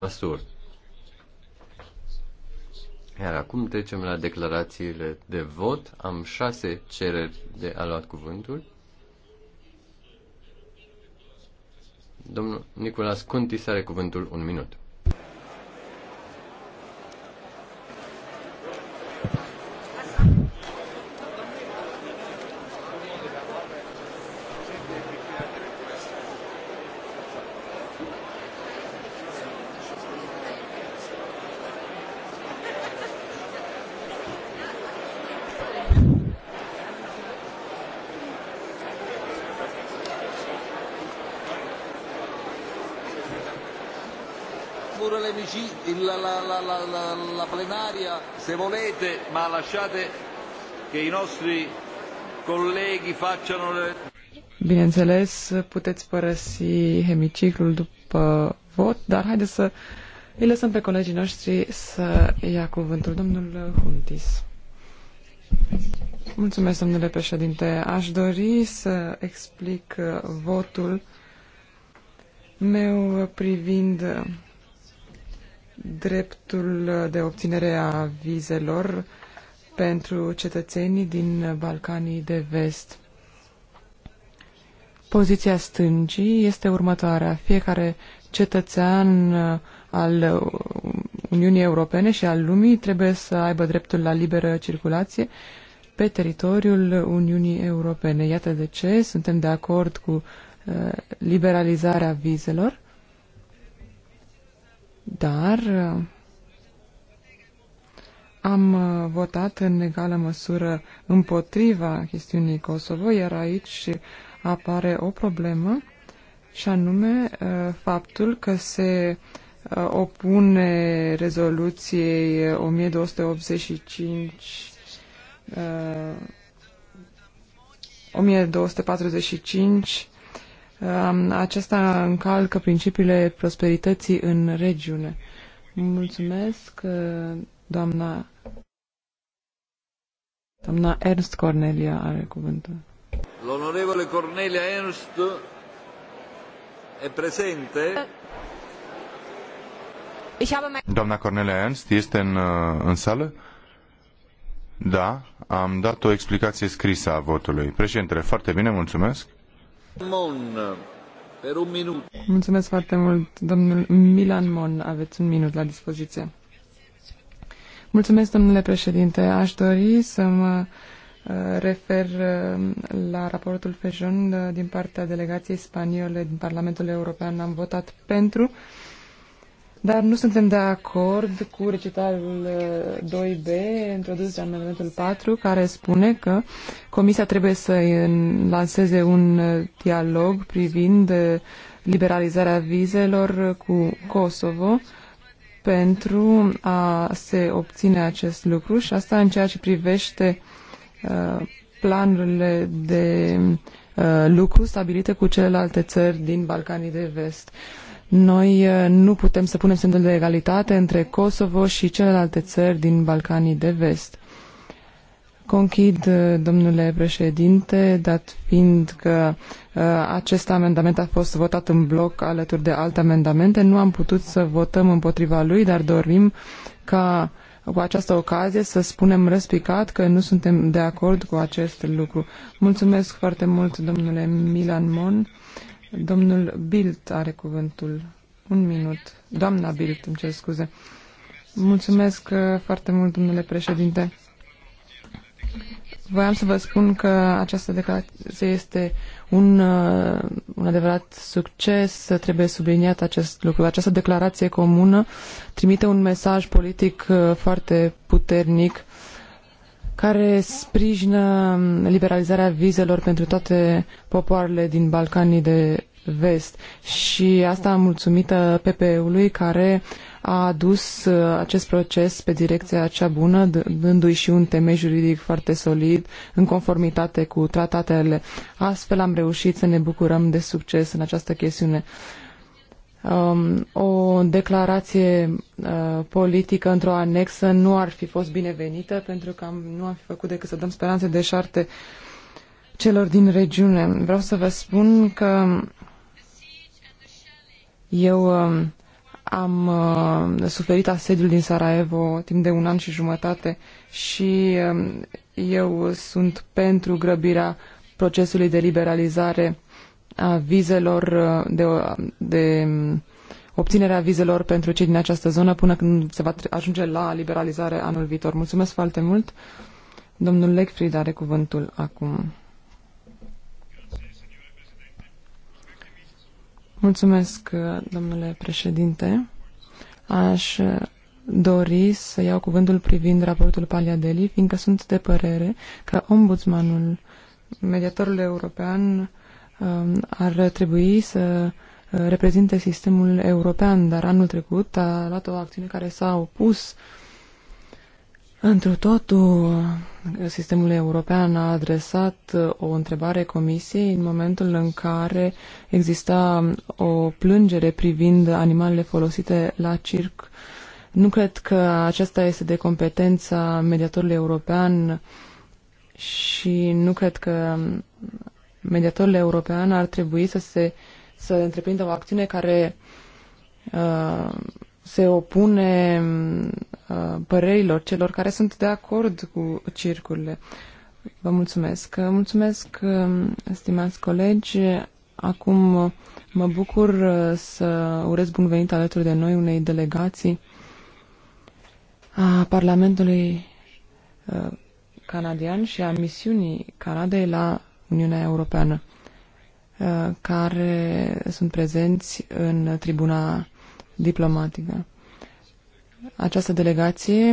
măsuri. Iar acum trecem la declarațiile de vot. Am șase cereri de a luat cuvântul. Domnul Nicolas Contis are cuvântul un minut. chiudere le la, la, la, la, la, la plenaria se volete, ma lasciate che i nostri colleghi facciano le... Bineînțeles, puteți părăsi hemiciclul după vot, dar haideți să îi lăsăm pe colegii noștri să ia cuvântul. Domnul Huntis. Mulțumesc, domnule președinte. Aș dori să explic votul meu privind dreptul de obținere a vizelor pentru cetățenii din Balcanii de Vest. Poziția stângii este următoarea. Fiecare cetățean al Uniunii Europene și al lumii trebuie să aibă dreptul la liberă circulație pe teritoriul Uniunii Europene. Iată de ce suntem de acord cu eh, liberalizarea vizelor dar uh, am uh, votat în egală măsură împotriva chestiunii Kosovo, iar aici apare o problemă și anume uh, faptul că se opune rezoluției 1285 1245 acesta încalcă principiile prosperității în regiune. Mulțumesc, uh, doamna, doamna Ernst Cornelia are cuvântul. L'onorevole Cornelia Ernst e prezente. Doamna Cornelia Ernst este în, uh, în sală? Da, am dat o explicație scrisă a votului. Președintele, foarte bine, mulțumesc. Mulțumesc foarte mult, domnul Milan Mon. Aveți un minut la dispoziție. Mulțumesc, domnule președinte. Aș dori să mă uh, refer uh, la raportul Fejon uh, din partea delegației spaniole din Parlamentul European. Am votat pentru dar nu suntem de acord cu recitalul 2b, uh, introdus în amendamentul 4, care spune că Comisia trebuie să lanseze un uh, dialog privind uh, liberalizarea vizelor cu Kosovo pentru a se obține acest lucru și asta în ceea ce privește planurile de lucru stabilite cu celelalte țări din Balcanii de Vest. Noi uh, nu putem să punem semnul de egalitate între Kosovo și celelalte țări din Balcanii de Vest. Conchid, uh, domnule președinte, dat fiind că uh, acest amendament a fost votat în bloc alături de alte amendamente, nu am putut să votăm împotriva lui, dar dorim ca cu această ocazie să spunem răspicat că nu suntem de acord cu acest lucru. Mulțumesc foarte mult, domnule Milan Mon. Domnul Bilt are cuvântul. Un minut. Doamna Bilt, îmi cer scuze. Mulțumesc uh, foarte mult, domnule președinte. Voiam să vă spun că această declarație este un, uh, un adevărat succes, trebuie subliniat acest lucru. Această declarație comună trimite un mesaj politic uh, foarte puternic care sprijină liberalizarea vizelor pentru toate popoarele din Balcanii de vest. Și asta mulțumită PPE-ului care a adus uh, acest proces pe direcția cea bună, dându-i și un temei juridic foarte solid, în conformitate cu tratatele. Astfel am reușit să ne bucurăm de succes în această chestiune. Um, o declarație uh, politică într-o anexă nu ar fi fost binevenită pentru că am, nu am fi făcut decât să dăm speranțe de șarte celor din regiune. Vreau să vă spun că eu um, am uh, suferit asediul din Sarajevo timp de un an și jumătate și um, eu sunt pentru grăbirea procesului de liberalizare a vizelor, uh, de, uh, de um, obținerea vizelor pentru cei din această zonă până când se va ajunge la liberalizare anul viitor. Mulțumesc foarte mult! Domnul Legfried are cuvântul acum. Mulțumesc, domnule președinte. Aș dori să iau cuvântul privind raportul Paliadeli, fiindcă sunt de părere că ombudsmanul, mediatorul european, um, ar trebui să uh, reprezinte sistemul european, dar anul trecut a luat o acțiune care s-a opus uh, Întru totul, sistemul european a adresat uh, o întrebare comisiei în momentul în care exista um, o plângere privind animalele folosite la circ. Nu cred că aceasta este de competența mediatorului european și nu cred că um, mediatorul european ar trebui să se să întreprindă o acțiune care uh, se opune um, Uh, părerilor celor care sunt de acord cu circurile. Vă mulțumesc. Uh, mulțumesc, um, stimați colegi. Acum uh, mă bucur să urez bun venit alături de noi unei delegații a Parlamentului canadian și a misiunii Canadei la Uniunea Europeană, care sunt prezenți în tribuna diplomatică. Această delegație